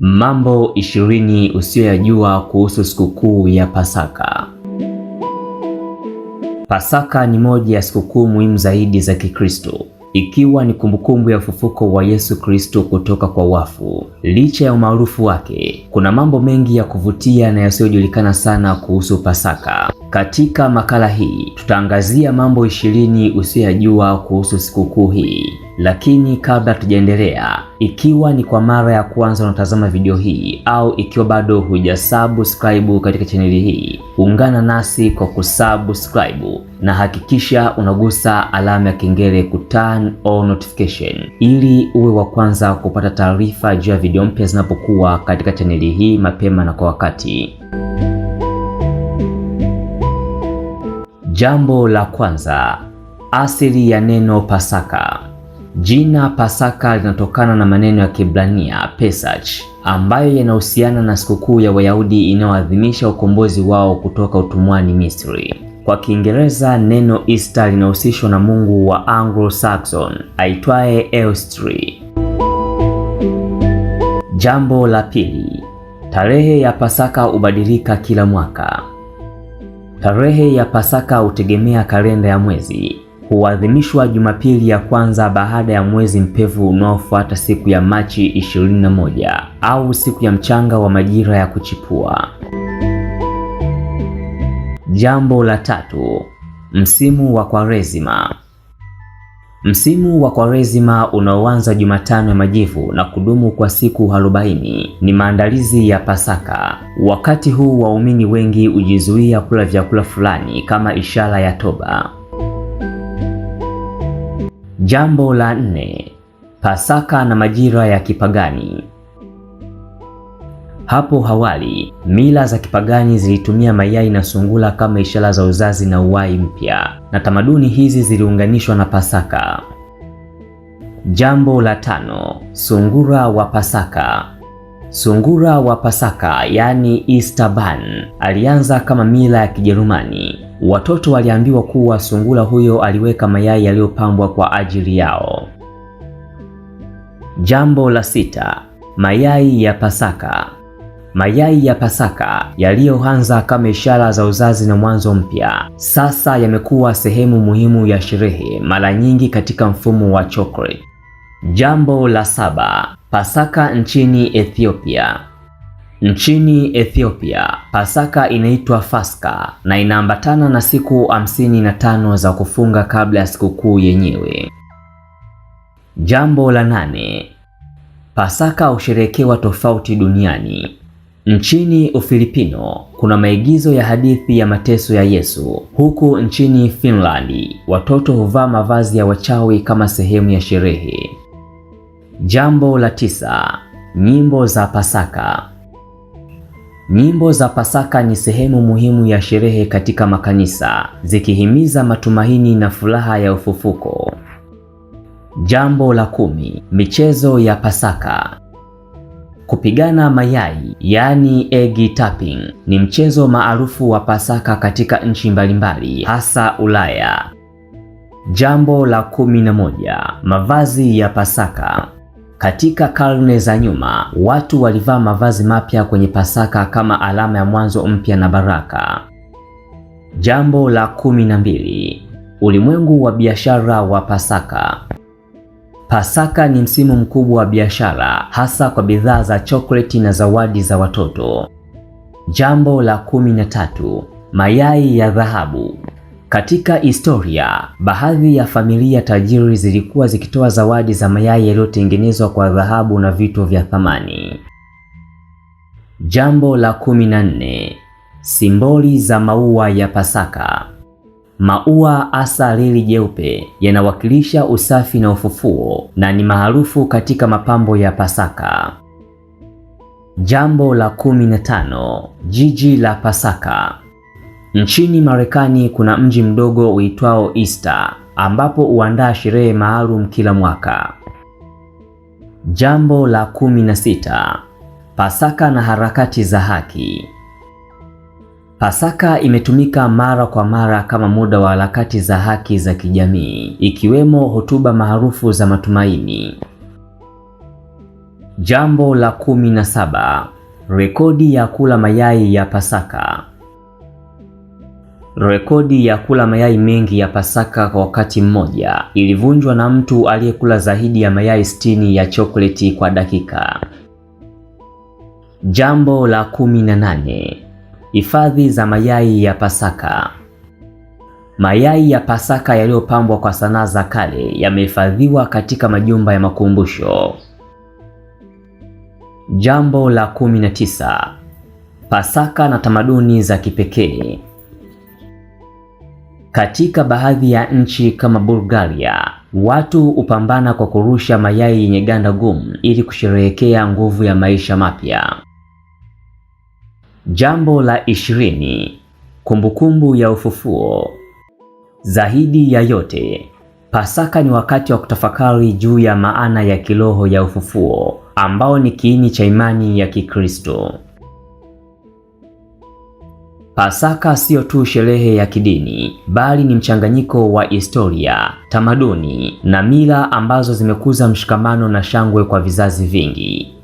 Mambo ishirini usiyoyajua kuhusu sikukuu ya Pasaka. Pasaka ni moja ya sikukuu muhimu zaidi za Kikristo, ikiwa ni kumbukumbu ya ufufuko wa Yesu Kristo kutoka kwa wafu. Licha ya umaarufu wake, kuna mambo mengi ya kuvutia na yasiyojulikana sana kuhusu Pasaka. Katika makala hii tutaangazia mambo ishirini usiyoyajua kuhusu sikukuu hii. Lakini kabla tujaendelea, ikiwa ni kwa mara ya kwanza unatazama video hii au ikiwa bado hujasubscribe katika chaneli hii, ungana nasi kwa kusubscribe na hakikisha unagusa alama ya kengele ku turn on notification ili uwe wa kwanza kupata taarifa juu ya video mpya zinapokuwa katika chaneli hii mapema na kwa wakati. Jambo la kwanza, asili ya neno Pasaka. Jina Pasaka linatokana na maneno ya Kiebrania Pesach, ambayo yanahusiana na sikukuu ya Wayahudi inayoadhimisha ukombozi wao kutoka utumwani Misri. Kwa Kiingereza neno Easter linahusishwa na mungu wa Anglo-Saxon aitwaye Eostri. Jambo la pili, tarehe ya Pasaka hubadilika kila mwaka. Tarehe ya Pasaka hutegemea kalenda ya mwezi, huadhimishwa Jumapili ya kwanza baada ya mwezi mpevu unaofuata siku ya Machi 21 au siku ya mchanga wa majira ya kuchipua. Jambo la tatu, msimu wa Kwaresima. Msimu wa Kwaresima unaoanza Jumatano ya Majivu na kudumu kwa siku arobaini ni maandalizi ya Pasaka. Wakati huu waumini wengi hujizuia kula vyakula fulani kama ishara ya toba. Jambo la nne, Pasaka na majira ya kipagani. Hapo awali, mila za kipagani zilitumia mayai na sungula kama ishara za uzazi na uhai mpya, na tamaduni hizi ziliunganishwa na Pasaka. Jambo la tano, sungura wa Pasaka. Sungura wa Pasaka, yaani Easter Bunny, alianza kama mila ya Kijerumani. Watoto waliambiwa kuwa sungura huyo aliweka mayai yaliyopambwa kwa ajili yao. Jambo la sita, mayai ya Pasaka. Mayai ya Pasaka yaliyoanza kama ishara za uzazi na mwanzo mpya, sasa yamekuwa sehemu muhimu ya sherehe, mara nyingi katika mfumo wa chocolate. Jambo la saba: Pasaka nchini Ethiopia. Nchini Ethiopia, Pasaka inaitwa Faska na inaambatana na siku 55 za kufunga kabla ya sikukuu yenyewe. Jambo la nane: Pasaka husherekewa tofauti duniani. Nchini Ufilipino kuna maigizo ya hadithi ya mateso ya Yesu. Huku nchini Finlandi watoto huvaa mavazi ya wachawi kama sehemu ya sherehe. Jambo la tisa: nyimbo za Pasaka. Nyimbo za Pasaka ni sehemu muhimu ya sherehe katika makanisa, zikihimiza matumaini na furaha ya ufufuko. Jambo la kumi: michezo ya Pasaka. Kupigana mayai yaani egg tapping ni mchezo maarufu wa Pasaka katika nchi mbalimbali hasa Ulaya. Jambo la kumi na moja: mavazi ya Pasaka. Katika karne za nyuma, watu walivaa mavazi mapya kwenye Pasaka kama alama ya mwanzo mpya na baraka. Jambo la kumi na mbili: ulimwengu wa biashara wa Pasaka. Pasaka ni msimu mkubwa wa biashara, hasa kwa bidhaa za chokoleti na zawadi za watoto. Jambo la kumi na tatu: mayai ya dhahabu. Katika historia, baadhi ya familia tajiri zilikuwa zikitoa zawadi za mayai yaliyotengenezwa kwa dhahabu na vitu vya thamani. Jambo la kumi na nne: simboli za maua ya Pasaka. Maua hasa lili jeupe yanawakilisha usafi na ufufuo na ni maarufu katika mapambo ya Pasaka. Jambo la 15 jiji la Pasaka. Nchini Marekani kuna mji mdogo uitwao Easter ambapo huandaa sherehe maalum kila mwaka. Jambo la 16 Pasaka na harakati za haki. Pasaka imetumika mara kwa mara kama muda wa harakati za haki za kijamii, ikiwemo hotuba maarufu za matumaini. Jambo la kumi na saba: rekodi ya kula mayai ya Pasaka. Rekodi ya kula mayai mengi ya Pasaka kwa wakati mmoja ilivunjwa na mtu aliyekula zaidi ya mayai sitini ya chokoleti kwa dakika. Jambo la kumi na nane: Hifadhi za mayai ya Pasaka. Mayai ya Pasaka yaliyopambwa kwa sanaa za kale yamehifadhiwa katika majumba ya makumbusho. Jambo la 19: Pasaka na tamaduni za kipekee. Katika baadhi ya nchi kama Bulgaria, watu hupambana kwa kurusha mayai yenye ganda gumu ili kusherehekea nguvu ya maisha mapya. Jambo la ishirini: kumbukumbu ya ufufuo. Zaidi ya yote, Pasaka ni wakati wa kutafakari juu ya maana ya kiroho ya ufufuo ambao ni kiini cha imani ya Kikristo. Pasaka siyo tu sherehe ya kidini, bali ni mchanganyiko wa historia, tamaduni na mila ambazo zimekuza mshikamano na shangwe kwa vizazi vingi.